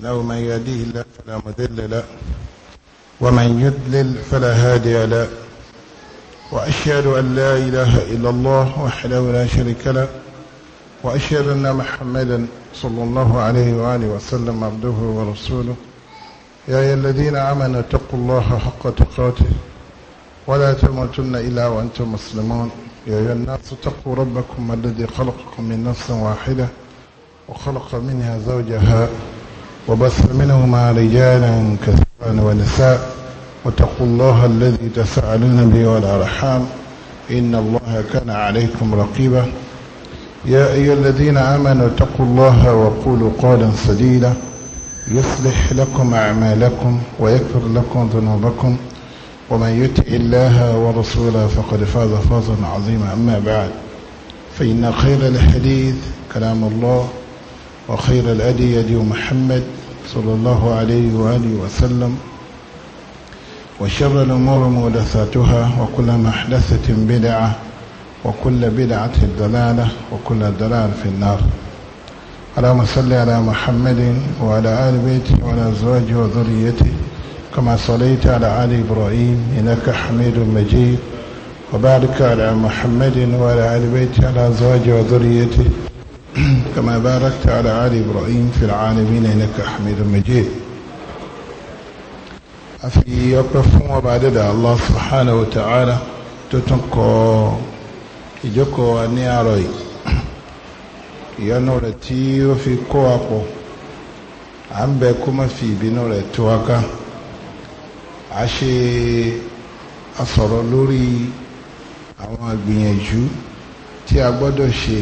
له من يهديه الله فلا مذل له ومن يذلل فلا هادي له وأشهد أن لا إله إلا الله وحده لا شريك له وأشهد أن محمدا صلى الله عليه وآله وسلم عبده ورسوله يا أيها الذين آمنوا اتقوا الله حق تقاته ولا تموتن إلا وأنتم مسلمون يا أيها الناس اتقوا ربكم الذي خلقكم من نفس واحدة وخلق منها زوجها وبث منهما رجالا كثيرا ونساء واتقوا الله الذي تساءلون به والأرحام إن الله كان عليكم رقيبا يا أيها الذين آمنوا اتقوا الله وقولوا قولا سديدا يصلح لكم أعمالكم ويكفر لكم ذنوبكم ومن يطع الله ورسوله فقد فاز فوزا عظيما أما بعد فإن خير الحديث كلام الله وخير الأدي يدي محمد صلى الله عليه وآله وسلم وشر الأمور محدثاتها وكل محدثة بدعة وكل بدعة ضلالة وكل ضلال في النار اللهم صل على محمد وعلى آل بيته وعلى أزواجه وذريته كما صليت على آل إبراهيم إنك حميد مجيد وبارك على محمد وعلى آل بيته وعلى أزواجه وذريته كما باركت على آل إبراهيم في العالمين إنك حميد مجيد أفي يقف وبعد الله سبحانه وتعالى تتنقى ìjókòó ní àárọ̀ yìí ìyọnu rẹ̀ tí ó fi kó apọ̀ à ń bẹ kó má fi ìbínú rẹ̀ tó wa ká a ṣe àsọ̀rọ̀ lórí àwọn ìgbìyànjú tí a gbọ́dọ̀ ṣe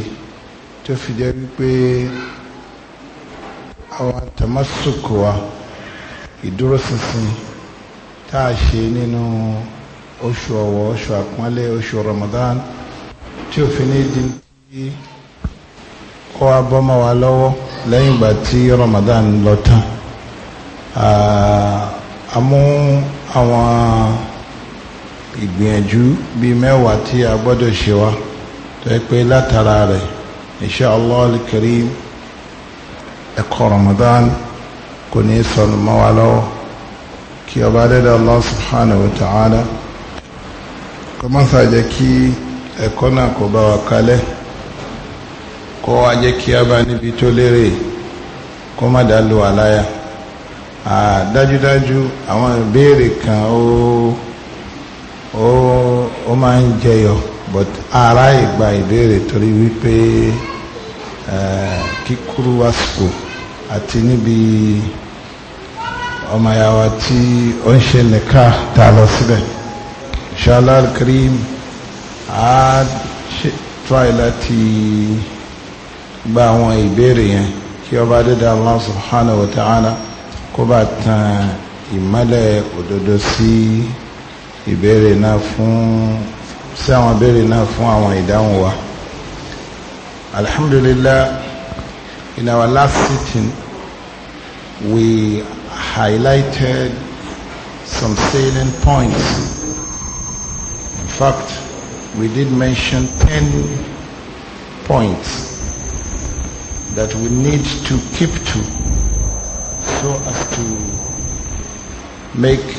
tó fi jẹ́ wípé àwọn tàmásùkù wa ìdúróṣinṣin tá a ṣe nínú oṣù ọ̀wọ̀ oṣù àpọ́nlé oṣù Ramadan tí òfin ní di tí kó wa bọ́ mọ́ wa lọ́wọ́ lẹ́yìn ìgbà tí Ramadan lọ tán àmú àwọn ìgbìyànjú bíi mẹ́wàá tí a gbọ́dọ̀ ṣe wa tó yẹ pé látara rẹ̀ inṣàlá alkarim ẹ̀kọ́ ramadan kò ní sọnù mọ́ wa lọ́wọ́ kí ọba dẹ́dẹ́ allah subhanahu wa ta'ala kó má sà jẹ́ kí ẹ̀kọ́ náà kó bá wa kalẹ̀ kó wá jẹ́ kí a bá níbi tó lérè kó má dá lu àláyà dájúdájú àwọn ìbéèrè kan ó ó máa ń jẹyọ but ara ìgbà ìbéèrè torí wípé kíkúrú àsìkò àti níbi ọmọ yàwá tí ó ń ṣẹlẹ̀ ká ta lọ síbẹ̀ inshallah al-karim a try láti gba àwọn ìbéèrè yẹn kí ọba dédé Allah subhanahu wa ta'ala kó bá tan ìmọ́lẹ̀ òdodo sí ìbéèrè náà fún sí àwọn ìbéèrè náà fún àwọn ìdáhùn wa alhamdulillah In our last sitting, we highlighted some salient points. In fact, we did mention 10 points that we need to keep to so as to make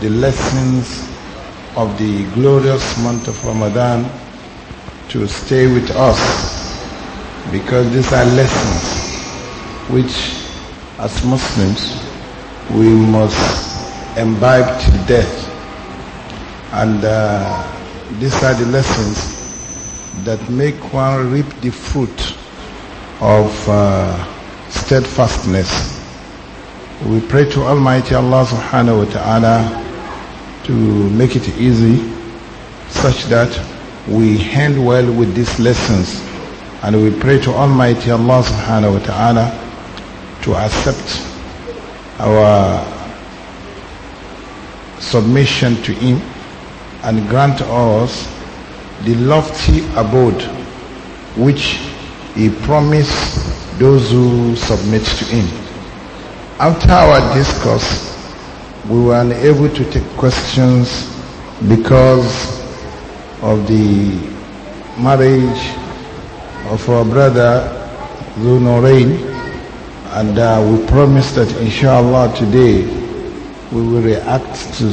the lessons of the glorious month of Ramadan to stay with us because these are lessons which as Muslims we must imbibe till death and uh, these are the lessons that make one reap the fruit of uh, steadfastness. We pray to Almighty Allah subhanahu wa ta'ala to make it easy such that we handle well with these lessons and we pray to Almighty Allah subhanahu wa ta'ala to accept our submission to Him and grant us the lofty abode which He promised those who submit to Him. After our discourse, we were unable to take questions because of the marriage of our brother Zul Norain and uh, we promise that inshallah today we will react to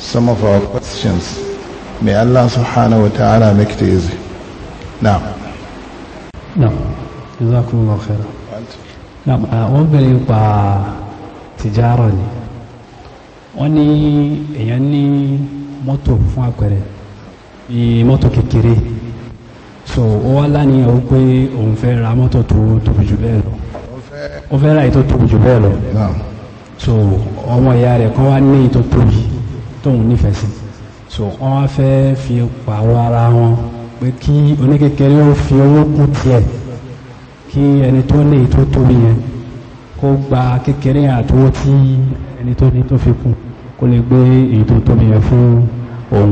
some of our questions. May Allah subhanahu wa ta'ala make it easy. Now. Now. Jazakumullah khairan. Now, uh, wọ́n bẹ̀rẹ̀ nípa tìjárọ̀ ni. Wọ́n ní èèyàn ní mọ́tò fún àpẹẹrẹ, mọ́tò kékeré so ó wá lánìyàn ó pé òun fẹ́ ra mọ́tò tó tóbi jù bẹ́ẹ̀ lọ ó fẹ́ ra èyí tó tóbi jù bẹ́ẹ̀ lọ so ọmọ ìyá rẹ̀ kan wá ní èyí tó tóbi tóun nífẹ̀ẹ́ sí so wọ́n wá fẹ́ fi pààrọ̀ ara wọn pé kí oníkékeré ó fi owó kún tiẹ̀ kí ẹni tó ní èyí tó tóbi yẹn kó gba kékeré àtúwó tí ẹni tó ní tó fi kún kó lè gbé èyí tó tóbi yẹn fún òun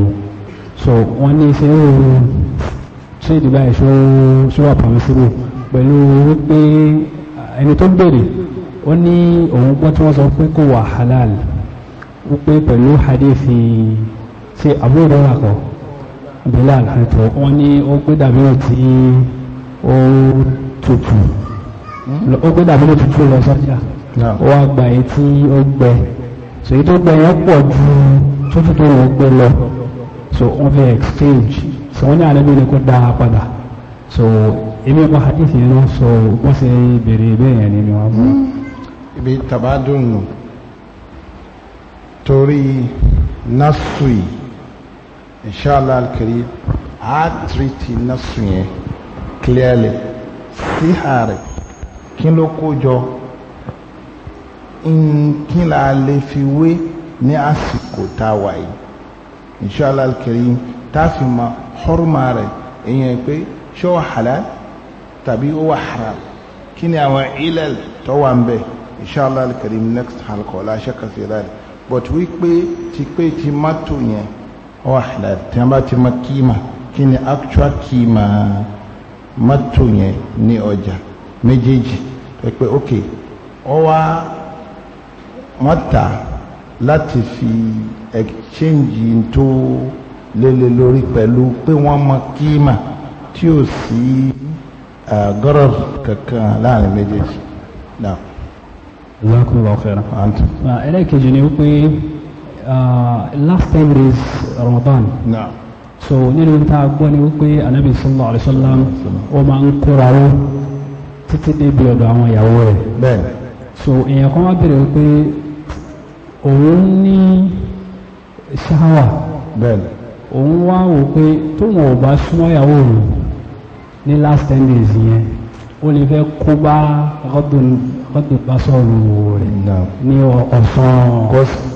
so wọ́n ní ṣé ó rọrùn ṣé ìdìbò àìṣó ṣúwà pàmísìrò pẹ̀lú wípé ẹni tó bèrè ó ní òun gbọ́ tí wọ́n sọ pé kò wà halal wípé pẹ̀lú hadithi ṣe àbúrò àkọ́ bílá àlàntọ́ wọ́n ní ó gbé dàbílò tí ó tutù ó gbé dàbílò tutù lọ sọ́jà ó wá gba èyí tí ó gbẹ so èyí tó gbẹ yẹn pọ̀ ju tútù tó wọ́n gbé lọ so wọ́n fẹ́ exchange so wọ́n ní ànábì ni kó dá a so èmi kọ́ hadith yẹn náà so wọ́n ṣe béèrè bẹ́ẹ̀ yẹn ni mi wá mú. ibi tabadun nù no, nasu Nasui, inshallah alkarim a tiriti nasu yẹn clearly síhà rẹ̀ kí ló kó jọ kí la lè fi a wà yìí inshallah alkarim tá a fi máa hurma rẹ̀ èyàn pé ṣé ó halal tàbí ó wà haram kí ni àwọn ilal tó wà ń bẹ̀ inshallah al next halqa la shakka fi dhalik but wípé ti pé ti mọ́tò yẹn ó wà halal tí wọ́n bá ti mọ kíma kí ni actual kíma mọ́tò yẹn ní ọjà méjèèjì pé ok ó wá wọ́n tà láti fi exchange into lélẹ̀ lórí pẹ̀lú pé wọ́n mọ kíma tí ó sí gọ́rọ̀ kankan láàrin méjèèjì náà. Jazakumullahu khairan. ẹlẹ́kejì ni wípé last ten days Ramadan. náà so nínú ta gbọ́ ni wípé anabi sallallahu alayhi wa sallam ó máa ń kóra ró títí débi ọ̀dọ̀ àwọn ìyàwó rẹ̀. bẹ́ẹ̀. so èèyàn kan wá bèrè wípé òun ní ṣáwà. bẹ́ẹ̀ òun wá wò pé tóun ò bá súnmọ́ ìyàwó rẹ̀ ní last ten days yẹn ó lè fẹ́ kó bá rọ́dùn bá sọ̀rọ̀ rẹ̀ ní ọ̀sán.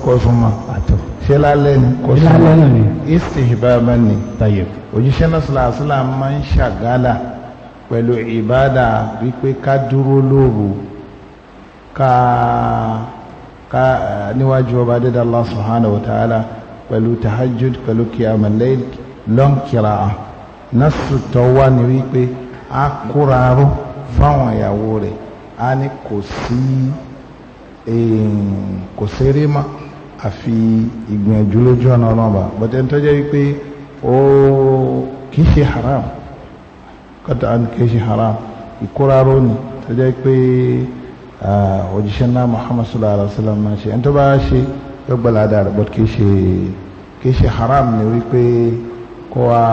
kọ́sùmọ̀ àtọ̀ ṣé lálẹ́ ni kọ́sùmọ̀ ni istihbaba ni tayẹ òjíṣẹ́ náà sọ̀rọ̀ àṣìlá máa ń ṣàgálà pẹ̀lú ìbádà wípé ká dúró lóru ká níwájú ọba dédé Allah subhanahu wa ta'ala pẹ̀lú tahajjud pẹ̀lú kiyama layl long kiraa nasu tó wá ní wípé a kúraró fáwọn ìyàwó rẹ̀ a ní kò sí kò séré mọ́ àfi ìgbìyànjú lójú ọ̀nà ọlọ́ba bọ́tẹ́ tó jẹ́ wípé ó kì í ṣe haram kọ́tà kì í ṣe haram ìkúraró ni tó jẹ́ pé òjíṣẹ́ náà Muhammad sallallahu alaihi wa sallam máa ṣe ẹni tó bá ṣe yóò gbọ́dọ̀ àdára bọ́t kì í ṣe kì í ṣe haram ni wípé kó wá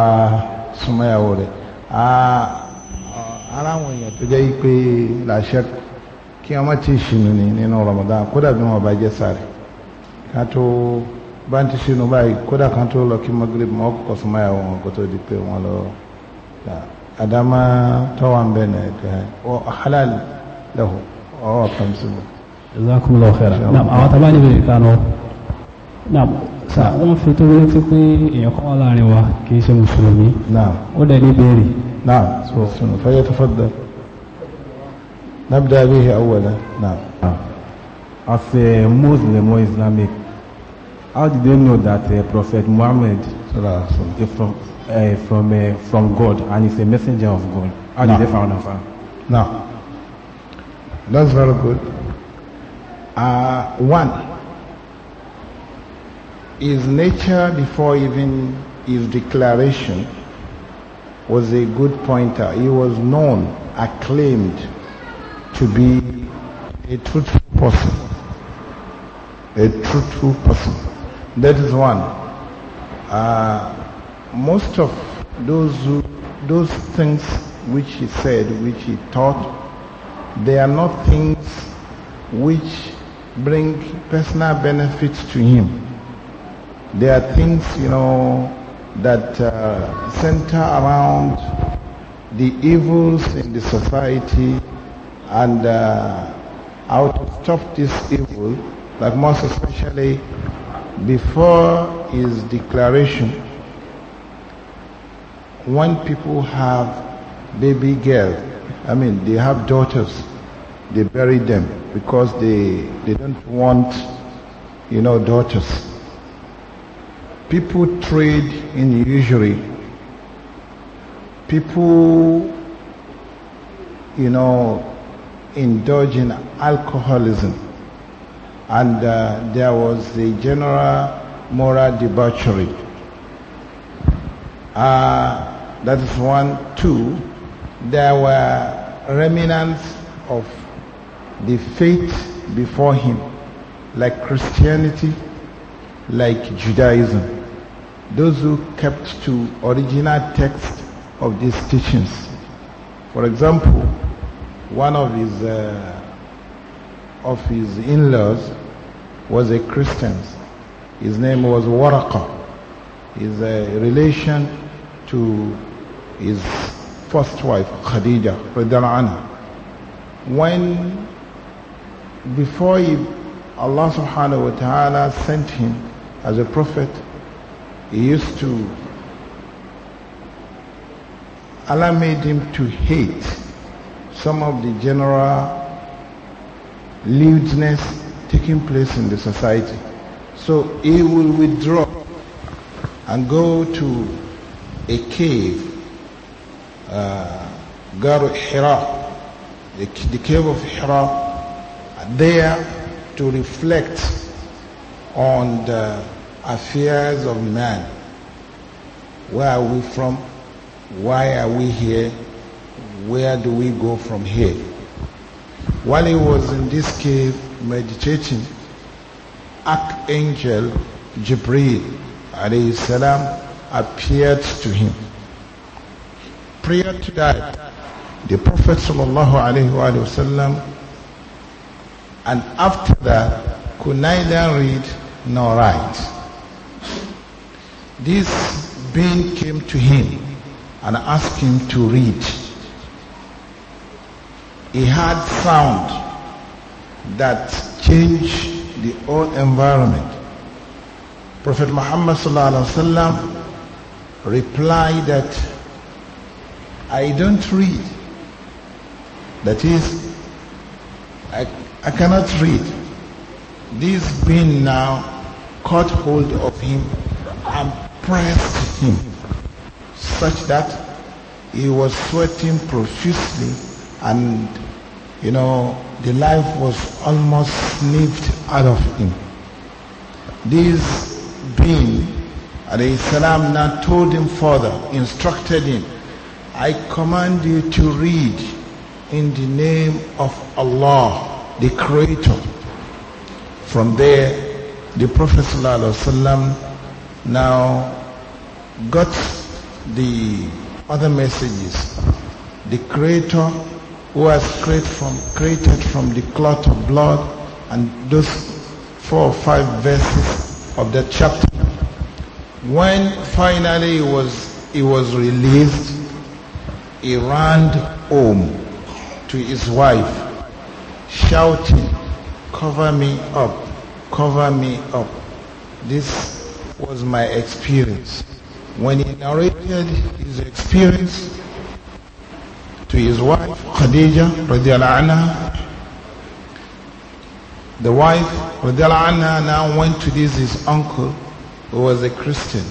súnmọ́yàwó rẹ̀ ara àwọn èèyàn tó jẹ́ wípé làṣẹ kí wọ́n má ti ṣìnú ni nínú Ramadan kódà bí wọ́n bá jẹ́ sáré ká tó bá ń ti ṣìnú báyìí kódà kan tó lọ kí magrib mọ́ kọ́kọ́ súnmọ́yàwó wọn kó tó di pé wọ́n lọ àdámá tọ́wọ́ ń bẹ̀ náà halal lahu ọwọ́ kan sí mi. jazakumullahu khairan àwọn tábà níbi ìkànnì naam sa wọn fi tó wípé pé èèyàn kan wà láàrin wa kì í ṣe mùsùlùmí naam ó dẹ̀ ní béèrè naam so sunu fẹ́ yẹ tó fẹ́ dẹ nabda bihi awwala naam. as a muslim or islamic how did they know that uh, prophet muhammad is from uh, from uh, from god and is a messenger of god how did they found out now that's very good uh, one his nature before even his declaration was a good pointer. He was known, acclaimed to be a truthful person. A truthful person. That is one. Uh, most of those who, those things which he said, which he taught, they are not things which bring personal benefits to him. There are things, you know, that uh, center around the evils in the society and uh, how to stop this evil, like most especially before his declaration, when people have baby girls, I mean, they have daughters, they bury them because they, they don't want, you know, daughters. People trade in usury. People, you know, indulge in alcoholism. And uh, there was the general moral debauchery. Uh, that is one. Two, there were remnants of the faith before him, like Christianity, like Judaism those who kept to original text of these teachings. For example, one of his uh, of his in-laws was a Christian. His name was Waraka. He's a uh, relation to his first wife Khadija anha. When before he, Allah subhanahu wa ta'ala sent him as a prophet he used to, Allah made him to hate some of the general lewdness taking place in the society. So he will withdraw and go to a cave, uh, Garu Hira, the, the cave of Hira, there to reflect on the affairs of man. Where are we from? Why are we here? Where do we go from here? While he was in this cave meditating, Archangel Jibril salam appeared to him. Prior to that, the Prophet sallallahu alayhi wasallam, and after that could neither read nor write. This being came to him and asked him to read. He hard sound that changed the whole environment. Prophet Muhammad replied that I don't read. That is, I, I cannot read. This being now caught hold of him and pressed him such that he was sweating profusely and you know the life was almost snipped out of him this being alayhi salam now told him further instructed him i command you to read in the name of allah the creator from there the prophet sallallahu alaihi wasallam now got the other messages. The Creator who has created from, created from the clot of blood and those four or five verses of that chapter. When finally he was, he was released, he ran home to his wife, shouting, cover me up, cover me up. This was my experience. When he narrated his experience to his wife, Khadija, radiallahu anha, the wife, radiallahu anha, now went to this his uncle, who was a Christian.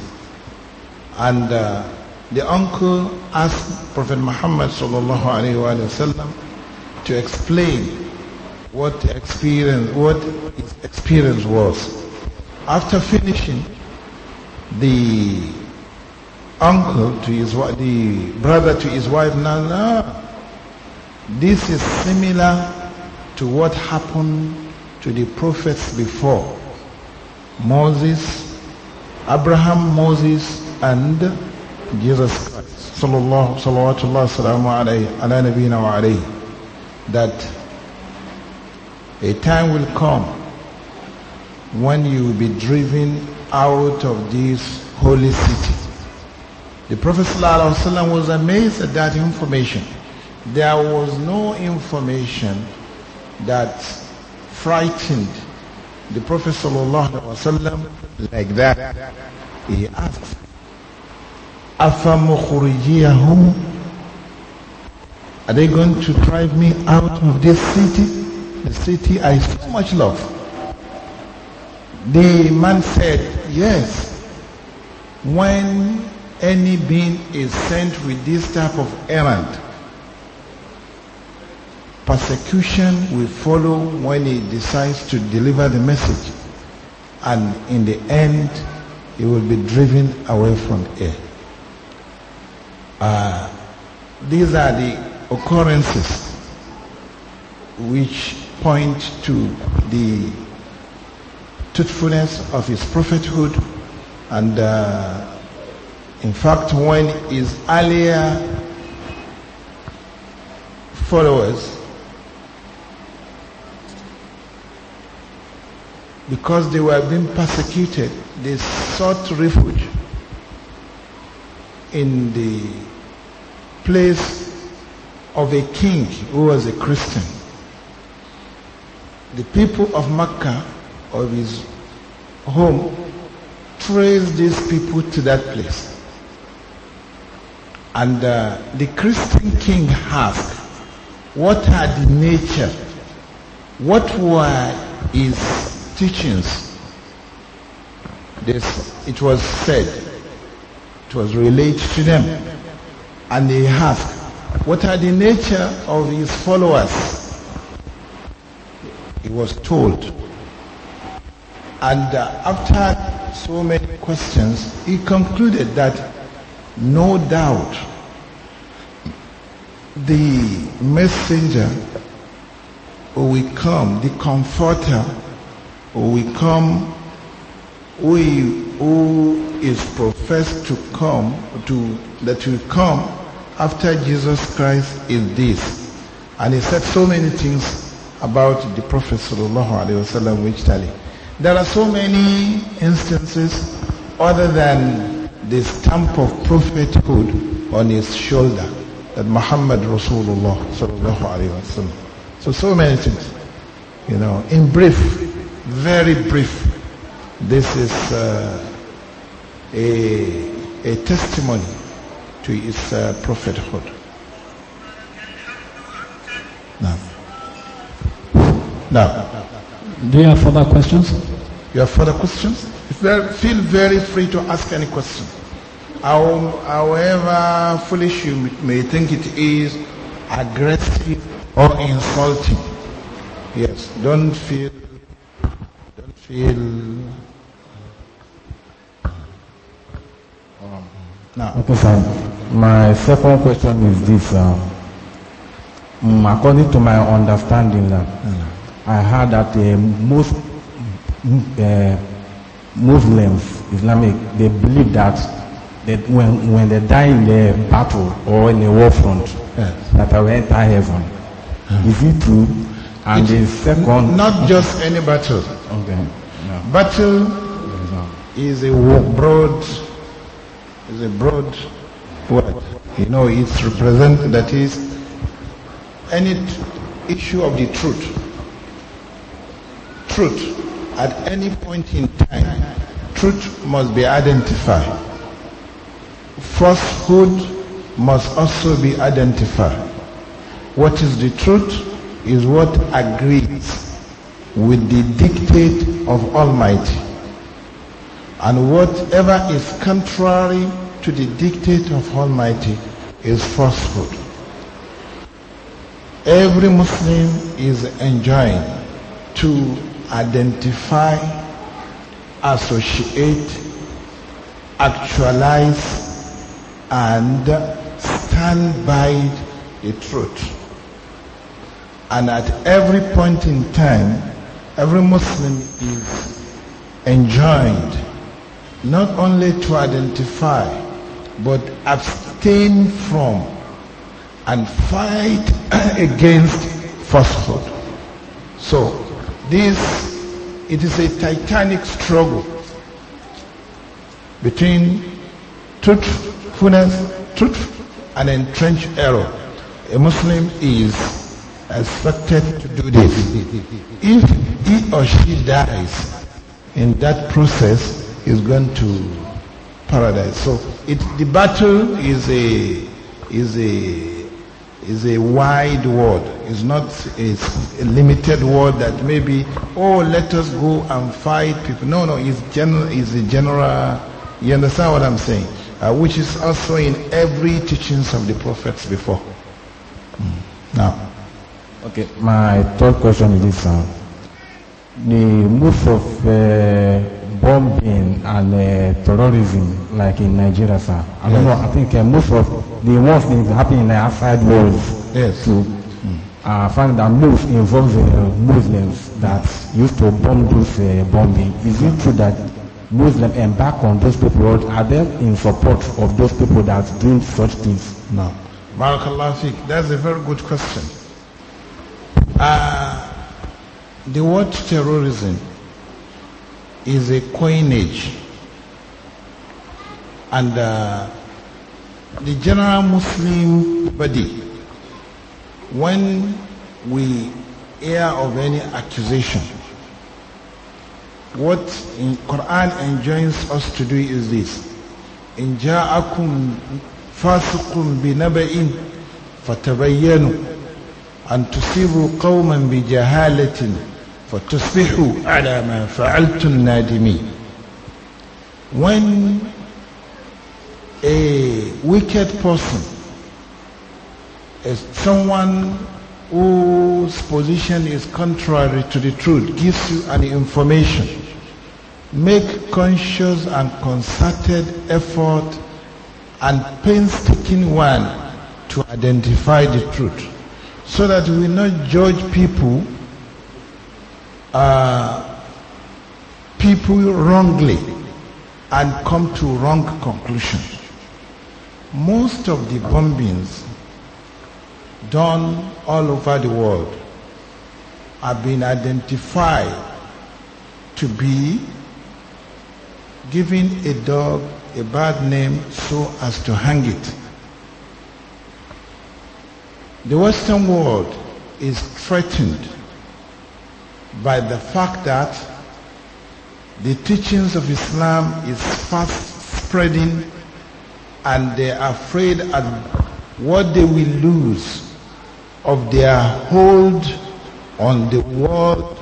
And uh, the uncle asked Prophet Muhammad sallallahu alaihi wasallam to explain what experience, what his experience was. After finishing, the uncle to his wife, the brother to his wife. No, no. This is similar to what happened to the prophets before. Moses, Abraham, Moses, and Jesus Christ. Sallallahu alayhi, wa That a time will come when you will be driven out of this holy city. The Prophet ﷺ was amazed at that information. There was no information that frightened the Prophet ﷺ like that. He asked, Are they going to drive me out of this city? The city I so much love. The man said, Yes. When any being is sent with this type of errand, persecution will follow when he decides to deliver the message. And in the end, he will be driven away from it. Uh, these are the occurrences which point to the truthfulness of his prophethood. And uh, in fact, when his earlier followers, because they were being persecuted, they sought refuge in the place of a king who was a Christian. The people of Makkah of his home traced these people to that place. And uh, the Christian king asked, what are the nature? What were his teachings? This, it was said, it was relayed to them. And they asked, what are the nature of his followers? He was told and uh, after so many questions, he concluded that no doubt the messenger will come, the comforter will come, who is professed to come, to, that will come after Jesus Christ is this. And he said so many things about the Prophet Sallallahu Alaihi Wasallam which tell there are so many instances other than the stamp of prophethood on his shoulder that Muhammad Rasulullah sallallahu alaihi wasallam. So, so many things. You know, in brief, very brief, this is uh, a, a testimony to his uh, prophethood. Now, now. Do you have further questions? You have further questions? feel very free to ask any question. however foolish you may think it is, aggressive or insulting. Yes, don't feel, don't feel. Um, no. Okay, sir. My second question is this. Um, according to my understanding, uh, I heard that uh, most uh, Muslims, Islamic, they believe that that when, when they die in a battle or in a war front, yes. that they will enter heaven. Yes. Is it true? And the second, not just any battle. Okay. No. Battle is a broad, is a broad word. You know, it's represent that is any issue of the truth truth at any point in time. Truth must be identified. Falsehood must also be identified. What is the truth is what agrees with the dictate of Almighty. And whatever is contrary to the dictate of Almighty is falsehood. Every Muslim is enjoined to identify, associate, actualize, and stand by the truth. And at every point in time, every Muslim is enjoined not only to identify, but abstain from and fight against falsehood. So This, it is a titanic struggle between truthfulness, truth, and entrenched error. A Muslim is expected to do this. If he or she dies in that process, is going to paradise. So it, the battle is a is a is a wide word. It's not a, limited word that maybe, oh, let us go and fight people. No, no, it's, general, it's a general, you understand what I'm saying? Uh, which is also in every teachings of the prophets before. Mm. Now. Okay, my third question is this. Uh, the move of uh, bombing and uh, terrorism like in Nigeria, sir. I yes. don't know. I think uh, most of the worst things happening like outside world yes. to uh, hmm. find that most involve uh, Muslims that used to bomb those uh, bombing. Is it true that Muslims embark on those people? Or are they in support of those people that doing such things? No. Barakallah fiqh. That's a very good question. Uh, the word terrorism is a coinage. And uh, the general Muslim body, when we hear of any accusation, what in Quran enjoins us to do is this. In ja'akum fasiqun binaba'in fatabayyanu and tusibu qauman bijahalatin fọ̀tọ́síhù àdàmà fa'altun nadimi when a wicked person is someone whose position is contrary to the truth gives you an information. Make conscious and concerted effort and painstaking one to identify the truth so that we not judge people uh, people wrongly and come to wrong conclusions. Most of the bombings done all over the world have been identified to be giving a dog a bad name so as to hang it. The Western world is threatened by the fact that the teachings of Islam is fast spreading and they are afraid at what they will lose of their hold on the world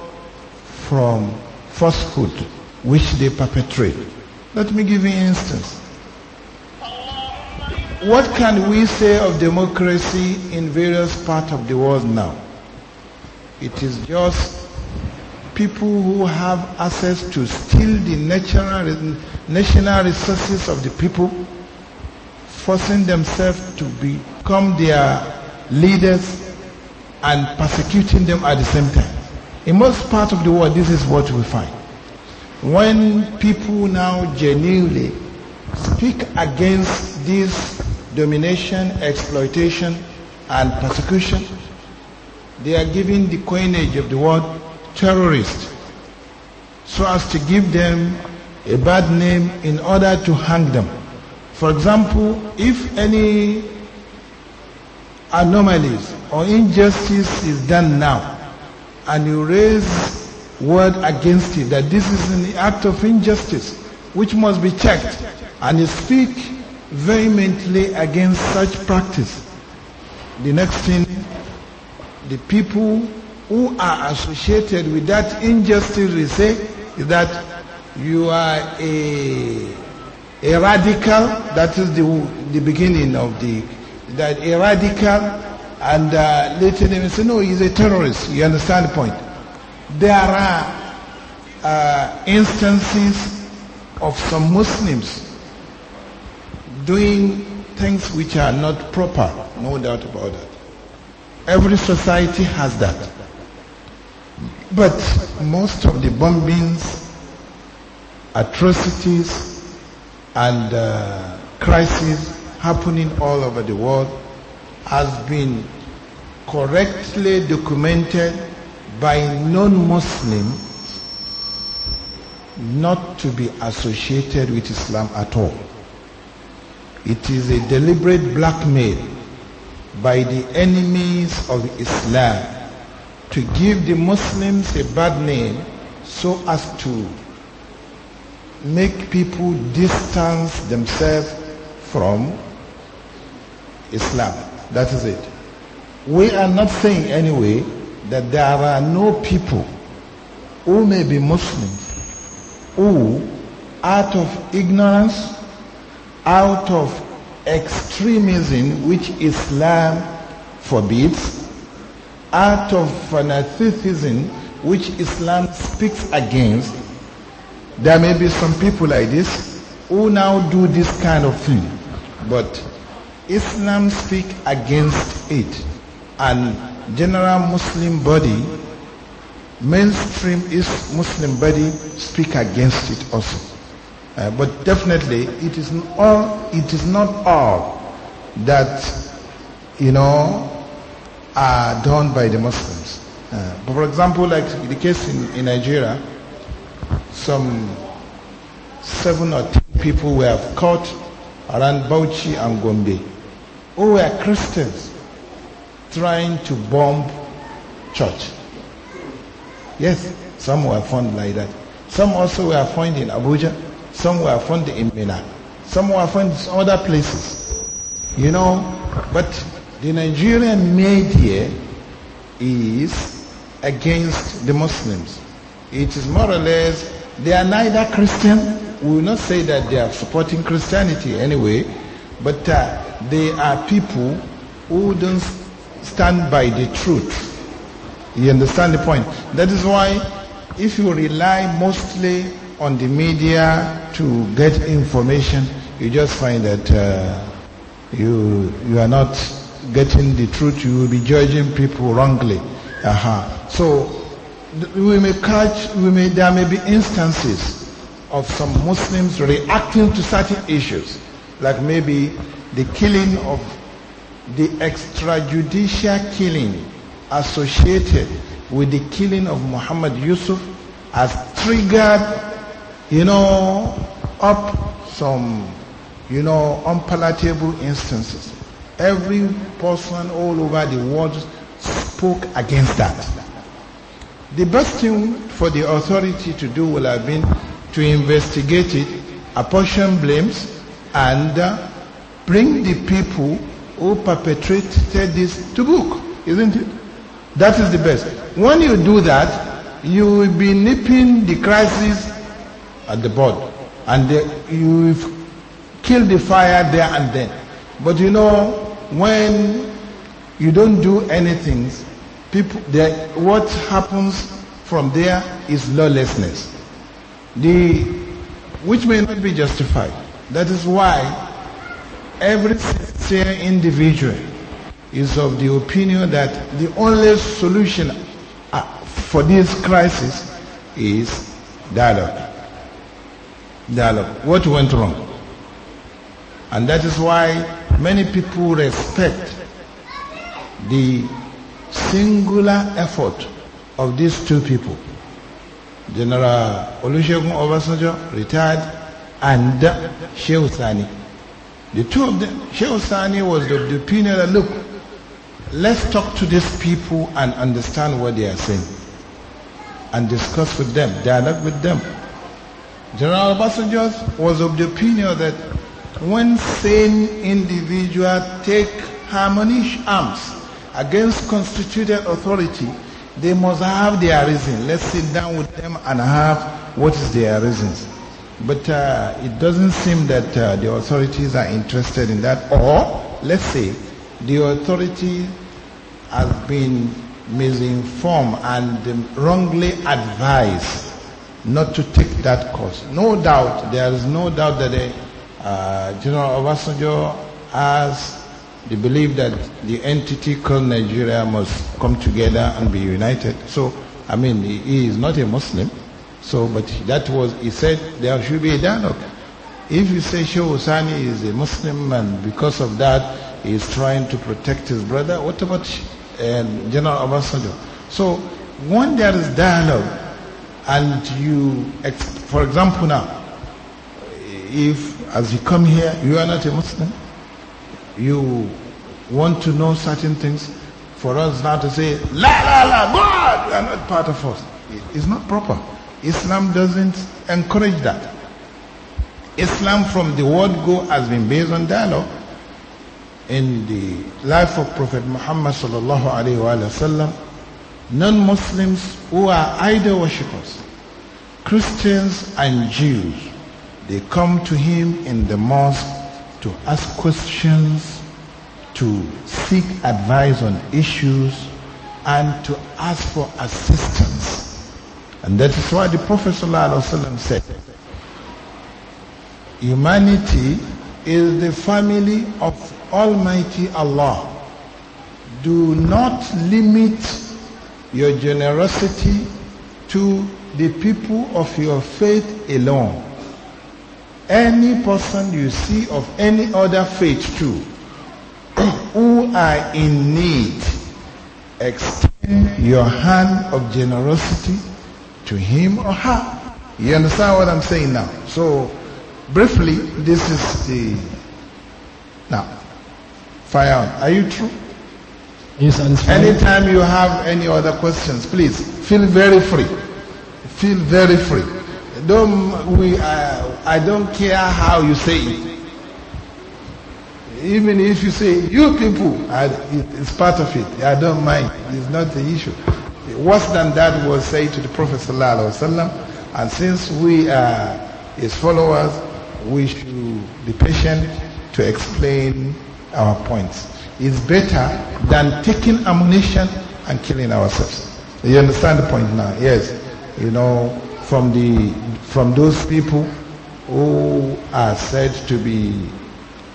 from falsehood which they perpetrate. Let me give you an instance. What can we say of democracy in various parts of the world now? It is just people who have access to steal the natural, national resources of the people, forcing themselves to become their leaders and persecuting them at the same time. In most part of the world, this is what we find. When people now genuinely speak against this domination, exploitation, and persecution, they are giving the coinage of the word terrorists so as to give them a bad name in order to hang them. For example, if any anomalies or injustice is done now and you raise word against it that this is an act of injustice which must be checked and you speak vehemently against such practice. The next thing, the people who are associated with that injustice we say is that you are a a radical that is the the beginning of the that a radical and uh, later they will say no he's a terrorist you understand the point there are uh, instances of some muslims doing things which are not proper no doubt about that every society has that but most of the bombings, atrocities, and uh, crises happening all over the world has been correctly documented by non-Muslims not to be associated with Islam at all. It is a deliberate blackmail by the enemies of Islam to give the Muslims a bad name so as to make people distance themselves from Islam. That is it. We are not saying anyway that there are no people who may be Muslims who, out of ignorance, out of extremism which Islam forbids, out of fanaticism which Islam speaks against, there may be some people like this who now do this kind of thing. But Islam speaks against it. And general Muslim body, mainstream is Muslim body speak against it also. Uh, but definitely it is all it is not all that you know are done by the Muslims. Uh, but for example, like the case in, in Nigeria, some seven or ten people were caught around Bauchi and Gombe who were Christians trying to bomb church. Yes, some were found like that. Some also were found in Abuja. Some were found in Mina. Some were found in other places. You know, but the Nigerian media is against the Muslims. It is more or less, they are neither Christian, we will not say that they are supporting Christianity anyway, but uh, they are people who don't stand by the truth. You understand the point? That is why if you rely mostly on the media to get information, you just find that uh, you, you are not getting the truth, you will be judging people wrongly. Uh-huh. So we may catch, we may, there may be instances of some Muslims reacting to certain issues, like maybe the killing of the extrajudicial killing associated with the killing of Muhammad Yusuf has triggered, you know, up some, you know, unpalatable instances. every person all over the world spoke against that. The best thing for the authority to do will have been to investigate it, apportion blames, and uh, bring the people who perpetrated this to book, isn't it? That is the best. When you do that, you will be nipping the crisis at the bud, and the, uh, you will kill the fire there and then. But you know, when you don't do anything, people, what happens from there is lawlessness, the, which may not be justified. That is why every sincere individual is of the opinion that the only solution uh, for this crisis is dialogue. Dialogue. What went wrong? And that is why Many people respect the singular effort of these two people. General Olusegun Obasanjo, retired, and Sheikh Sani. The two of them, Sheikh Sani was of the opinion that, look, let's talk to these people and understand what they are saying and discuss with them, dialogue with them. General Obasanjo was of the opinion that when sane individuals take harmonious arms against constituted authority, they must have their reason. Let's sit down with them and have what is their reasons. But uh, it doesn't seem that uh, the authorities are interested in that. Or, let's say, the authority has been misinformed and wrongly advised not to take that course. No doubt, there is no doubt that they General uh, Obasanjo has the belief that the entity called Nigeria must come together and be united. So, I mean, he, is not a Muslim. So, but that was, he said there should be a dialogue. If you say Sheikh Usani is a Muslim and because of that he is trying to protect his brother, what about um, General Obasanjo? So, when there is dialogue and you, for example now, if as you come here, you are not a Muslim. You want to know certain things. For us now to say, la la la, God, you are not part of us. It's not proper. Islam doesn't encourage that. Islam from the word go has been based on dialogue. In the life of Prophet Muhammad sallallahu alaihi wasallam, non-Muslims who are idol worshippers, Christians and Jews, they come to him in the mosque to ask questions, to seek advice on issues, and to ask for assistance. And that is why the Prophet said, humanity is the family of Almighty Allah. Do not limit your generosity to the people of your faith alone any person you see of any other faith too who are in need extend your hand of generosity to him or her you understand what i'm saying now so briefly this is the now fire are you true yes understand. anytime you have any other questions please feel very free feel very free don't we uh, I don't care how you say it. Even if you say you people, I, it, it's part of it. I don't mind. It's not the issue. Worse than that was said to the Prophet sallallahu alaihi wasallam. And since we are his followers, we should be patient to explain our points. It's better than taking ammunition and killing ourselves. You understand the point now? Yes. You know, from the from those people who are said to be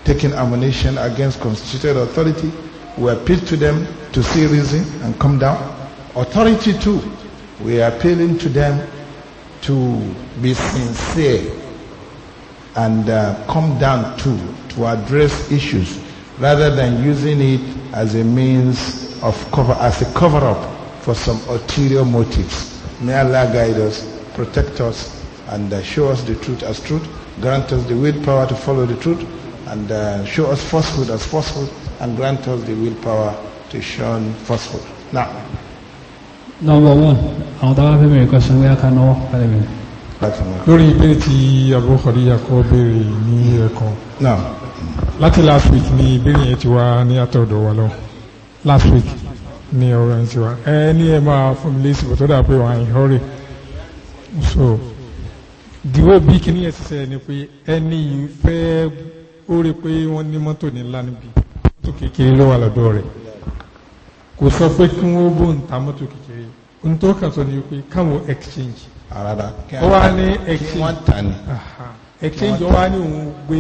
taking ammunition against constituted authority we appeal to them to see reason and come down authority too we are appealing to them to be sincere and uh, come down to to address issues rather than using it as a means of cover as a cover up for some ulterior motives may allah guide us protect us and uh, show us the truth as truth, grant us the willpower to follow the truth, and uh, show us falsehood as falsehood, and grant us the willpower to shun falsehood. Now, number one, àwọn tá a bá question wíyá kan náà kálẹ̀ mi. lórí ìbéèrè tí Abu Khadija béèrè ní ẹ̀kan. láti last week ni ìbéèrè yẹn ti wá ní àtọ̀dọ̀ wa lọ last week ni ọ̀rọ̀ yẹn ti wá ẹ ní ẹ máa fún mi lésì bó tó dà pé wà á yọrí so diwo bi kini yẹn ṣiṣẹ́ ni pé ẹni yìí o re rí pé wọ́n ní mọ́tò nílá níbi mọ́tò kékeré ló wà lọ́dọ̀ rẹ̀ kò sọ pé kí wọ́n bó ń ta mọ́tò kékeré n tó sọ ni pé káwọn exchange. arada kí wọ́n ní exchange kí wọ́n tà ní. exchange wọ́n ní òun gbé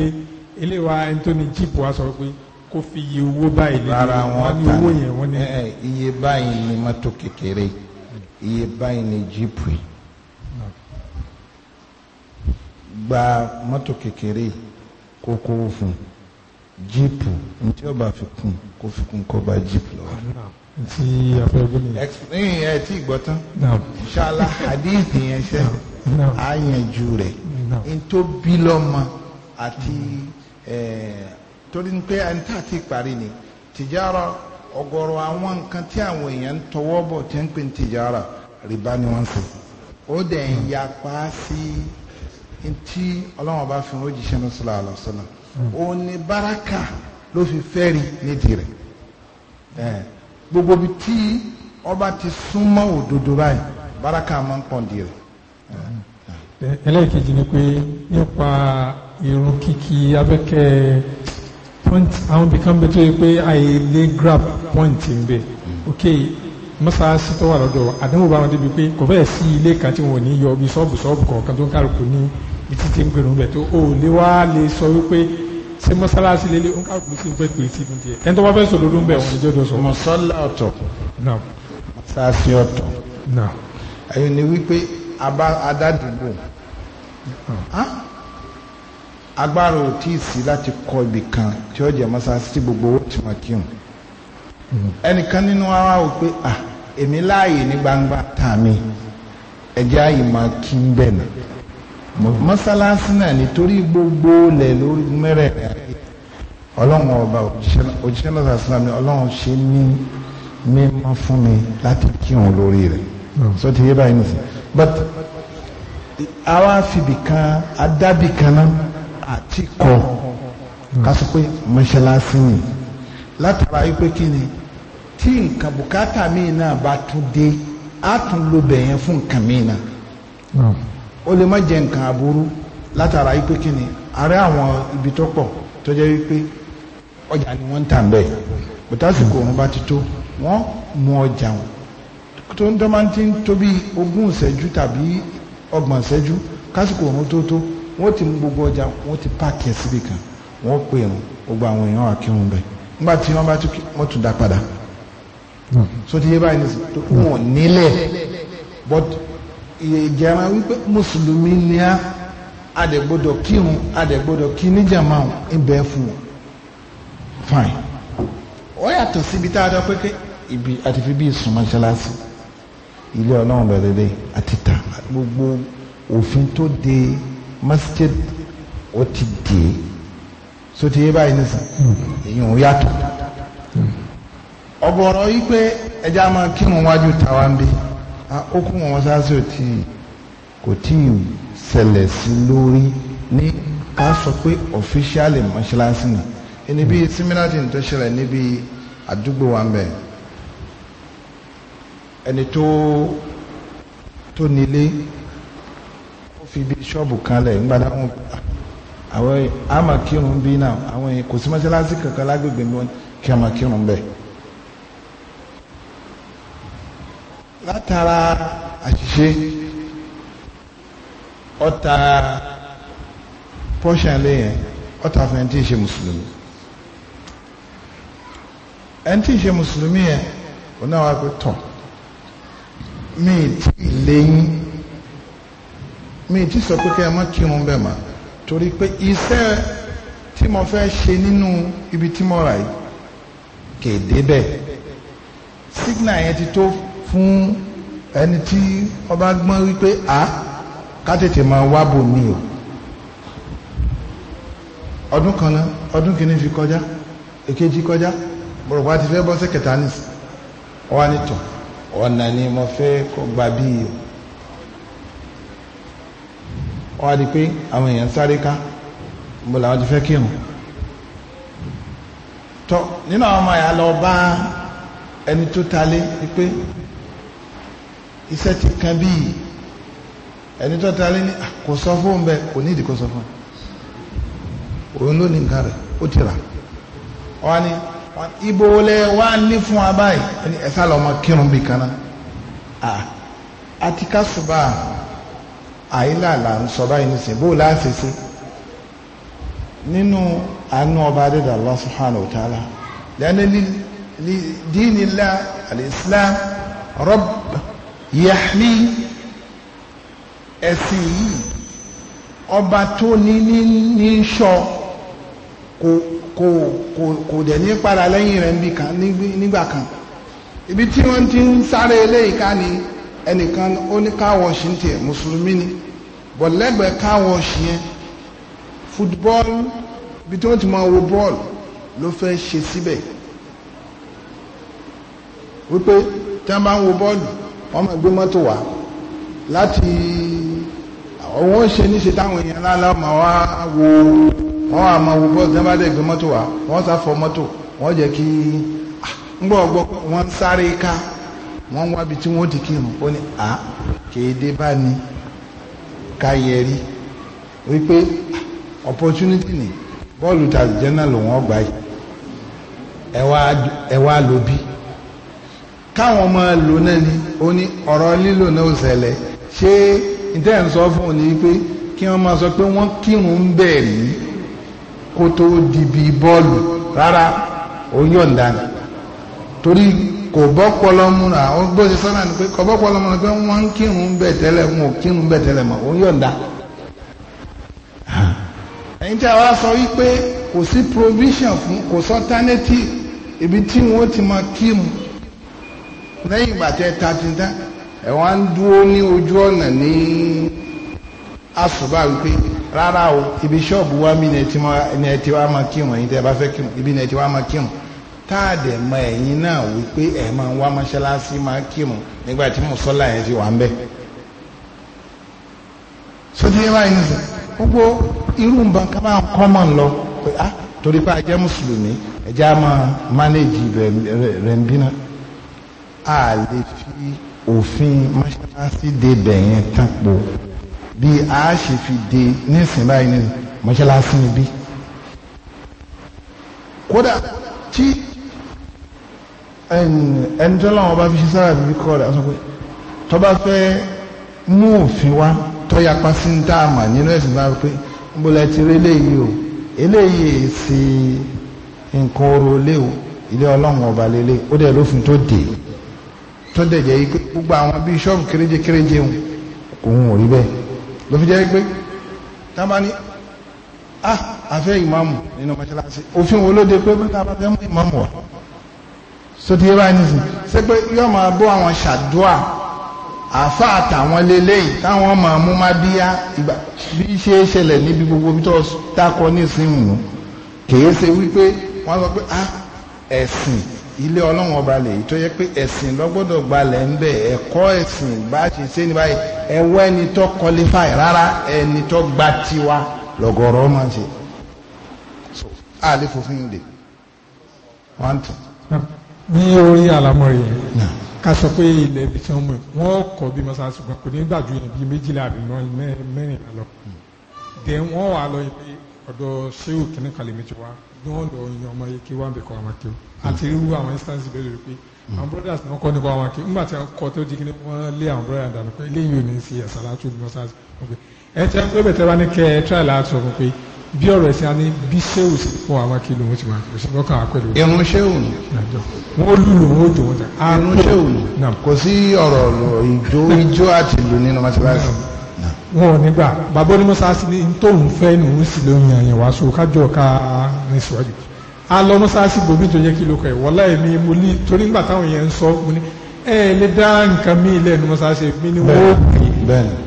ilé wa ẹni tó ní jíìpù wa sọ pé kó fi iye owó báyìí lé rárá wọn ní owó yẹn wọ́n ní. iye báyìí ni mọ́tò kékeré iye báyìí ni jíìpù yìí gba mọ́tò kékeré kó kó fún jíìpù ní tí ó bá fi kún kó fi kún kó bá jíìpù lọ. ti afẹ́gbẹ́ ni. explain ẹ tí gbọ́ tán. inshallah hadithi yẹn ṣe á yanjú rẹ̀ n tó bí lọ́mọ àti torí pé ẹni tá a ti parí ni tìjára ọ̀gọ̀rọ̀ àwọn nǹkan tí àwọn èèyàn ń tọwọ́ bọ̀ tí ń pè ní tìjára rìbá ni wọ́n ń sè ó dẹ̀ ń yapa sí. Si, ntí ọlọ́wọ́n bá fi hàn ó jíṣẹ́ ní sọlá àlọ́sọ́nà òun ni baraka ló fi fẹ́ẹ̀rì nídìí rẹ̀ gbogbo bi tí ọba ti súnmọ́ òdodo báyìí baraka máa ń pọ̀ nídìí rẹ̀. ẹlẹ́ẹ̀kejì ni pé nípa irun kíkí abẹ́kẹ́ point àwọn bìkan bẹ tó yẹ pé àìlè grab point ń bẹ hmm. ok mọ́sáàsì tó wà lọ́dọ̀ àdánwò bá wọn débi pé kò fẹ́ẹ̀ sí ilé kan tí wọn ò ní yọ bí sọ́ọ̀bù sọ́ọ̀bù kọ̀ọ̀kan tó ń kálukú ní bí títí ń gbèrú bẹ̀ tó o lè wá lè sọ wípé ṣé mọ́sálásí lélẹ̀ ó ń kálukú sí pé pèlè sí ibi tiẹ̀ ẹni tó bá fẹ́ sọ lódún bẹ̀ wọ́n lè jọ́dọ̀ sọ. mọ́sálá ọ̀tọ̀ mọ́sáàsì ọ̀tọ̀ ni wípé adádùúgbò agbára ò tí ì sí láti kọ ibì kan tí ẹnìkan nínú ara wò pé ah èmi láàyè ní gbangba tààmì ẹjẹ́ àyè máa kí n bẹ̀ náà mọ́sálásí náà nítorí gbogbo lẹ̀ lórí mẹ́rẹ̀ẹ̀rẹ̀ ayé ọlọ́run ọba òjíṣẹ́ náà sàṣìlá mi ọlọ́run ṣe ní mímọ́ fún mi láti kírun lórí rẹ̀ hmm. so ti yé báyìí nìsín but àwa fìbìkan adábìkan náà àti kọ hmm. ká sọ pé mọ́sálásí nìyí látara wípé kí ni tí nǹkan bùkátà míì náà bá tún dé á tún lo bẹ̀yẹn fún nǹkan míì náà ó lè má jẹ nǹkan aburú látara wípé kí ni àárẹ̀ àwọn ibi tó pọ̀ tó jẹ́ wípé ọjà ni wọ́n ń tà bẹ́ẹ̀ bùtásìkò òun bá ti tó wọ́n mú ọjà wọn tó ń tọ́ máa ti ń tó bí ogún ìṣẹ́jú tàbí ọgbọ̀n ìṣẹ́jú kásìkò òun tó tó wọ́n ti mú gbogbo ọjà wọ́n ti páàkì ẹ̀ síbì kan wọ́n pè wọ́n gbogbo àwọn èèyàn àkírun bẹ́ẹ̀ nígbà tí wọ́n bá tún kí wọ́n tún dá padà hmm. so ti yé báyìí ní sọ wọn nílẹ̀ but ìjàmà wípé mùsùlùmí ni a adẹ̀gbọ́dọ̀ kírun adẹ̀gbọ́dọ̀ kí níjàmà ìbẹ̀ fún wọn fine ó yàtọ̀ síbi tá a dọ́ pé ibi àti fi bí sùn mọ́ṣáláṣí ilé ọlọ́run lọ dédé àti ta gbogbo òfin tó de masjid ó ti dè so ti yé báyìí nìsín èyàn ò yàtọ̀ ọ̀gọ̀rọ̀ yìí pé ẹja máa kírun wájú tàwa ń bí ó kún wọn sáásì ò kò tí ì ṣẹlẹ̀ sí lórí ní ká sọ pé ọ̀fíṣíálì mọ́ṣáláṣí ni ẹni bí símílátì tó ṣẹlẹ̀ níbi àdúgbò wa ń bẹ̀ ẹni tó tó nílé ó fi bí ṣọ́ọ̀bù kan lẹ̀ ńgbàdá àwọn amakirun bí náà àwọn kò sí mọ́ṣáláṣí kankan lágbègbè mi wọn kí amakirun bẹ́ẹ̀. látara àṣìṣe ọta pọ́ṣán lẹ́yìn ọta fún ẹni tí ì ṣe mùsùlùmí ẹni tí ì ṣe mùsùlùmí yẹn òun náà wá pé tọ̀ mí tí ì lẹ́yìn mí tí sọ pé kí ẹ má kírun bẹ́ẹ̀ máa. torí pé iṣẹ́ tí mo fẹ́ ṣe nínú ibi tí mo rà yìí kéde bẹ́ẹ̀ signal yẹn ti tó fún ẹni tí ọba gbọ́n wípé a ká tètè máa wá bò mí o ọdún kan náà ọdún kìíní fi kọjá èkejì kọjá bọ̀rọ̀pá ti fẹ́ bọ́ sí kẹta nìsí ọ̀wá nìtọ̀ ọ̀nà ni mo fẹ́ kó gba bíi o. wọ́n á di pé àwọn èèyàn sáré ká mo làwọn ti fẹ́ kírun tọ nínú àwọn ọmọ yà lọ bá ẹni tó talé ni pé iṣẹ́ ti kan bíi ẹni tó talé ni ah, kò sọ fóun bẹ́ẹ̀ kò ní ìdí òun ló ní nǹkan ó ti rà wọ́n àyílà là ń sọ báyìí ní sìn bó láti sí nínú àánú ọba adéda Allah subhanahu wa ta'ala lẹ́nu dínilá al-Islam rọ́b yahmi ẹ̀sìn yìí ọba tó ní ní ń ṣọ́ kò kò kò kò dẹ̀ ní para lẹ́yìn rẹ̀ nígbà kan ibi tí wọ́n ti ń sáré eléyìí ká ni ẹnìkan ó ní car wash ní tiẹ̀ mùsùlùmí ni bọ̀ lẹ́gbẹ̀ẹ́ car wash yẹn Football bí tí wọ́n ti máa wo bọ́ọ̀lù ló fẹ́ ṣe síbẹ̀ wípé tí wọ́n bá ń wo bọ́ọ̀lù wọ́n máa gbé mọ́tò wá láti wọ́n ṣe níṣe táwọn èèyàn lálá ma wá wo wọ́n wà máa wo bọ́ọ̀lù tí wọ́n bá dẹ̀ gbé mọ́tò wá wọ́n sá fọ mọ́tò wọ́n jẹ́ kí ah, ń gbọ́ ọgbọ́ wọ́n sáré ká wọ́n wábi tí wọ́n ti kírun ó ní à kéde bá ní káyẹrí wípé opportunity ni bọ́ọ̀lù tàbí jẹ́nà lòun ọgbà yìí ẹ wá lò bí káwọn ọmọ lò náà ni ó ní ọ̀rọ̀ lílò náà ṣẹlẹ̀ ṣé ìtẹ́ ń sọ fún òní wípé kí wọ́n máa sọ pé wọ́n kírun ń bẹ̀ rí kó tó di bí bọ́ọ̀lù rárá ó yọ̀ǹda torí kò bọ́pọlọ mu náà àwọn bó ṣe sọ́nà ni pé kò bọ́pọlọ mu pé wọ́n ń kírun bẹ̀ tẹ́lẹ̀ wọn ò kírun bẹ̀ tẹ́lẹ̀ sọ wípé kò sí provision fún kò sọ tánẹ́tì ibi tí wọ́n ti máa kírun lẹ́yìn ìgbà tẹ́ ta ti dá ẹ̀ ibi ṣọ́ọ̀bù wa mi ni ẹ ti wá máa kírun ẹ̀yin tẹ́ bá ibi ni ẹ ti wá máa táàdì mọ ẹ̀yin náà wípé ẹ̀ máa ń wá mọ́ṣáláṣí máa kírun nígbà tí mùsọ́lá yẹn ti wà ń bẹ̀. sọ́dí ẹ báyìí nìyẹn gbogbo irú nǹkan ká máa kọ́ mọ̀ ń lọ pé á ah, torí pé a jẹ́ mùsùlùmí ẹ̀jẹ̀ á máa mánéèjì rẹ̀ ń bínú. a lè fi òfin mọ́ṣáláṣí de bẹ̀yẹn tán po bí a ṣe fi de nísìnyí báyìí nìyẹn mọ́ṣáláṣí níbí. kódà tí ẹni tó láwọn bá fi ṣe sára bíbí kọ́ rẹ̀ sọ pé tó bá fẹ́ mú òfin wá tó yapa sí ń tá a mà nínú ẹ̀sìn bá pé níbo la ti rí eléyìí o eléyìí èsì nǹkan oró lé o ilé ọlọ́run ọba lélẹ̀ ó dẹ̀ lófin tó dé tó dẹ̀ jẹ́ pé gbogbo àwọn bíṣọ́ọ̀bù kéréje kéréje òun òun ò rí bẹ́ẹ̀ ló jẹ́ pé tábà ní ah àfẹ́ ìmáàmù nínú mọ́ṣáláṣí òfin wo ló dé pé bá tá bá fẹ́ mú ìmáàmù wá so ti yé báyìí nìsín ṣé pé yóò máa bó àwọn ṣàdúà àfa àtàwọn lélẹ́yìn táwọn máa mú má bíyá ìgbà bí ṣe é ṣẹlẹ̀ níbi gbogbo bí tó dákọ nísìnyìí nù kìí ṣe wípé wọ́n sọ pé ah ẹ̀sìn ilé ọlọ́run ọba lèyí tó yẹ pé ẹ̀sìn lọ́gbọ́dọ̀ gbalẹ̀ ń bẹ̀ ẹ̀kọ́ ẹ̀sìn bá ṣe ṣe ní báyìí ẹ̀wọ́ ẹni tó qualify rárá ẹni tó gba tiwa lọ́gọ́rọ́ máa ṣe. so àlè fòfin lè wọ́n ní orí àlámọ̀rí yẹn ká sọ pé ilẹ̀ ibi tí wọ́n mọ̀ wọ́n kọ́ bí mọ́sáàsì gbọ́n kò ní gbàjú yẹn bí méjìlá àbí mẹ́rìnlá lọ. dẹ̀ wọ́n wà lọ ilé ọ̀dọ̀ ṣéwù kìnnì kalẹ̀ méjì wá ní wọ́n lọ yan ọmọ yìí kí wọ́n bẹ̀ kọ́ àwọn akéwò àti irú àwọn instance bẹ́ẹ̀ lórí pé hmm. àwọn brothers náà kọ́ nípa àwọn akéwò nígbà tí wọ́n kọ́ tó di kíni wọ́n lé àwọn brothers dànù pé eléyìí ò ní fi ẹ̀sà látò bí mọ́sáàsì ẹ̀ bí ọ̀rọ̀ ẹ̀sìn àní bí ṣéwù sí fún àwọn kìlò wọn ti wà kò sí lọ́kàn àpẹẹrẹ. irun ṣéwù ni. wọ́n lùlù wọ́n jò wọ́n ta. irun ṣéwù ni kò sí ọ̀rọ̀ ìjó ìjó àti ìlú nínú mọ́ṣáláṣí. wọn ò ní gbà bàbá onímọ̀ṣáláṣí ní tóun fẹ́ nù ú sì lóyún àyàn wá so kájọ ká ní síwájú. a bòmí tó yẹ kí ló kọ ẹ̀ wọ́lá ẹ̀mí mo ní torí nígbà táwọn yẹn ń sọ mo ní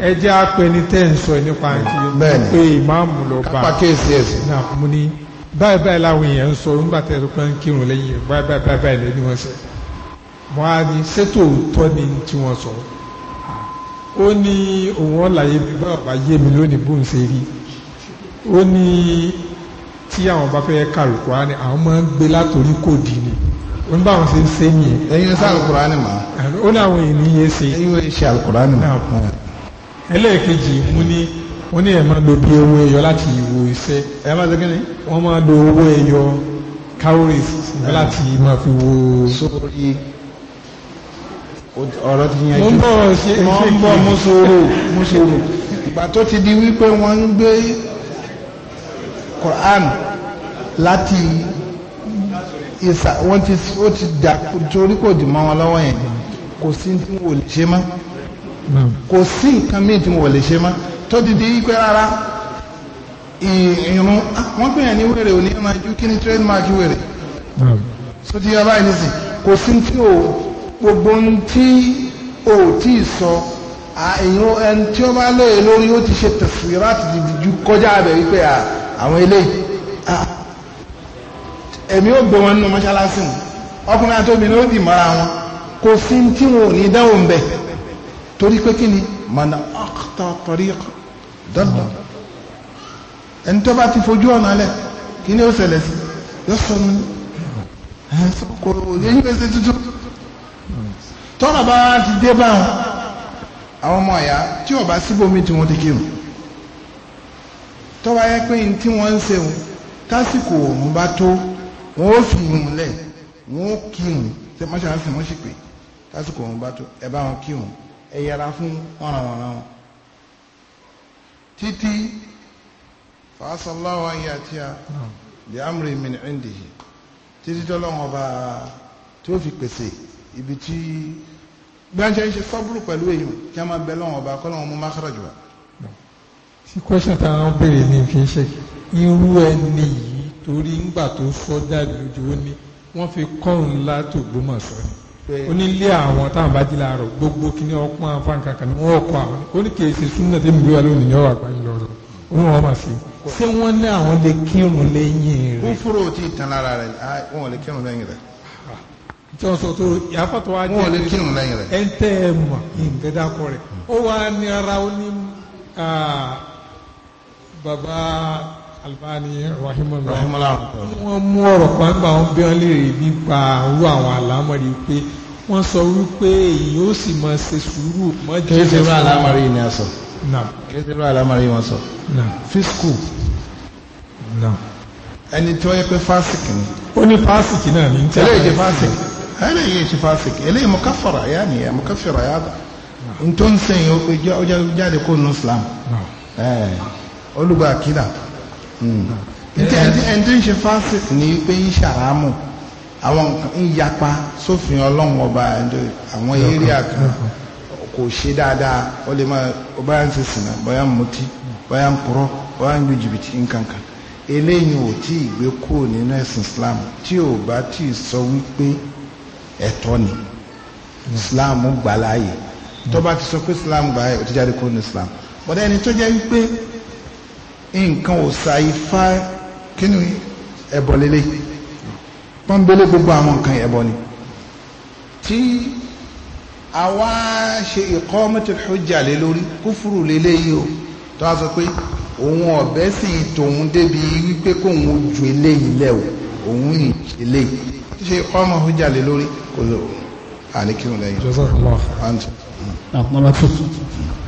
ẹ jẹ́ àpẹ ní tẹ́ẹ̀ sọ nípa àti pé ìmáàmù lọ bá pàkíyèsí ẹ̀sìn náà mú ní báyìí báyìí láwọn èèyàn ń sọ nígbà tẹ́ ẹ pé ń kírun lẹ́yìn báyìí báyìí báyìí lẹ́ni wọ́n sẹ́ wọ́n á ní ṣètò òótọ́ ni tí wọ́n sọ ó ní òun ọ̀làyé mi bá ọ̀bá yé mi lónìí bóun ṣe rí ó ní tí àwọn bá fẹ́ kàlùkù á ní àwọn máa ń gbé látòrí kò dì ní n bá wọn ṣe ń ṣe nìyẹn. ẹyin ṣe alukurani ma. ó ní àwọn ènìyàn ṣe. ẹyin ṣe alukurani ma ẹlẹ́ẹ̀kejì mo ní wọ́n ní ẹ̀ máa lo bí owó ẹyọ láti ìwò iṣẹ́ ẹ̀ máa dẹ́gẹ́ni wọ́n máa lo owó ẹyọ cowries láti máa fi wo. sórí ọ̀rọ̀ ti yẹn jù mo ń bọ̀ ṣe mo ń bọ̀ mo sọ̀rọ̀ mo sọ̀rọ̀ ìgbà tó ti di wípé wọ́n ń gbé Quran láti ìsà wọ́n ti ó ti dà torí kò dì mọ́ wọn lọ́wọ́ yẹn kò sí ní wò mọ́ kò sí nǹkan míì tí mo wọ̀ lè ṣe mọ́ tó dìde ipe rárá ìrún ah, wọ́n pè yàn ní wèrè òní ẹ̀ma ju kí ni trademark wèrè so ti yọ báyìí nísìn kò sí tí o gbogbo ohun tí o tí ì sọ èyàn ẹni tí ó bá lóye lórí ó ti ṣe tẹ̀síwìrì láti dìde ju kọjá abẹ wípé àwọn eléyìí ẹ̀mí ó gbé wọn nínú mọ́ṣáláṣí wọn ọkùnrin àti obìnrin ó dì mọ́ra wọn kò sí tí wọn ò ní dáwọ́ ń torí pé kí ni mana akhta tariqa dalla ẹni tó bá ti fojú ọ̀nà lẹ̀ kí ni ó ṣẹlẹ̀ sí yọ sọ mi ẹ sọ kò yẹyìn pèsè tuntun tọ́nà bá ti dé bá wọn àwọn ọmọ ọ̀yá tí ọba síbòmí tí wọ́n ti kírun tọ́ba yẹ pé ní tí wọ́n ń ṣe wọn tásìkò òun bá tó wọn ó fi irun lẹ̀ wọn ó kírun ṣe mọ́ṣáláṣí wọn tásìkò òun bá tó ẹ bá wọn kírun ẹ yẹra fún wọ̀nàwọ̀nà wọn títí fàásọ̀láwà yà tí a lè amúre mi ní ẹ̀ǹdìyí títí tó lọ́wọ́ bá tó fi pèsè ibi tí gbájẹ́ ń ṣe sọ́búrú pẹ̀lú èyí kí a máa bẹ lọ́wọ́ bá kọ́ lọ́wọ́ mú mákàrà jù wá. sí kwẹ́sàn táwọn béèrè ní kì ṣe irú ẹni yìí torí ńgbà tó sọ́jà lójú ó ní wọ́n fi kọ́rùn-ún látògbómọ̀ṣọ́ ni ó ní ilé àwọn táwọn bá jí láàárọ̀ gbogbo kíní ọpọ́n afáàn kankan ni wọ́n kọ́ àwọn ó ní kìí ṣe súnmọ́ tí mi wà lónìí yọ̀wọ̀ àgbáyé lọ́rọ̀ ó ní wọ́n máa ṣe ṣé wọ́n ní àwọn lè kírun lẹ́yìn rẹ̀. kún fúrò tí ì tán lára rẹ̀ wọn ò lè kírun lẹ́yìn rẹ̀. tí wọ́n sọ tó yàtọ̀ tó wá jẹ́ wọn ò lè kírun lẹ́yìn rẹ̀. ẹ tẹ́ ẹ mọ̀ nǹkan dákọ̀ rẹ̀ ó wá ní ara ó ní bàbá Albani rahimahullah wọ́n mú ọ̀rọ̀ kan gbà wọ́n bí wọ́n lè rí nípa irú àwọn àlámọ̀rí pé wọ́n sọ wípé èyí ó sì máa ṣe sùúrù mọ́jú. kí ló ṣe bá àlámọ̀rí ni a sọ. kí ló ṣe bá àlámọ̀rí wọn sọ. fisku. ẹni tí wọ́n yẹ pé fásitì ni. ó ní fásitì náà ní. eléyìí ṣe fásitì eléyìí ṣe fásitì eléyìí mọ̀káfàrà yá ni mọ̀káfàrà yá dà. n tó ń sẹ́yìn ó jáde kó nu Islam. olùgbà kìlà ẹni tí ń ṣe fásitì ní pé ń ṣàrámù àwọn nǹkan ń yapa sófin ọlọ́run ọba àwọn eréà kan kò ṣe dáadáa ó lè máa ó bá ń sísìn náà bóyá ń mutí bóyá ń purọ́ bóyá ń lu jìbìtì nǹkan eléyìí ò tí ì gbé kúrò nínú ẹ̀sìn Islam tí ò bá tí ì sọ wípé ẹ̀tọ́ ni Islam gbà láàyè tó bá ti sọ pé Islam gbà láàyè ó ti jáde kúrò ní Islam bọ́dá ẹni tó jẹ́ wípé nǹkan ò sàyí fá kínú ẹbọ lélẹ̀ pọ́nbélé gbogbo àwọn nǹkan ẹbọ ni tí àwa ṣe iqamatul hujja lé lórí kúfùrù lélẹ̀ yìí o tó a sọ pé òun ọ̀bẹ sì tòun débi wípé kóun ju eléyìí lẹ̀ o òun yìí eléyìí ṣe iqamatul hujja lé lórí kò lò àníkírun lẹ́yìn. jọ́sọ̀ kọ́lá. àǹtí. àpọ̀lọ́pọ̀.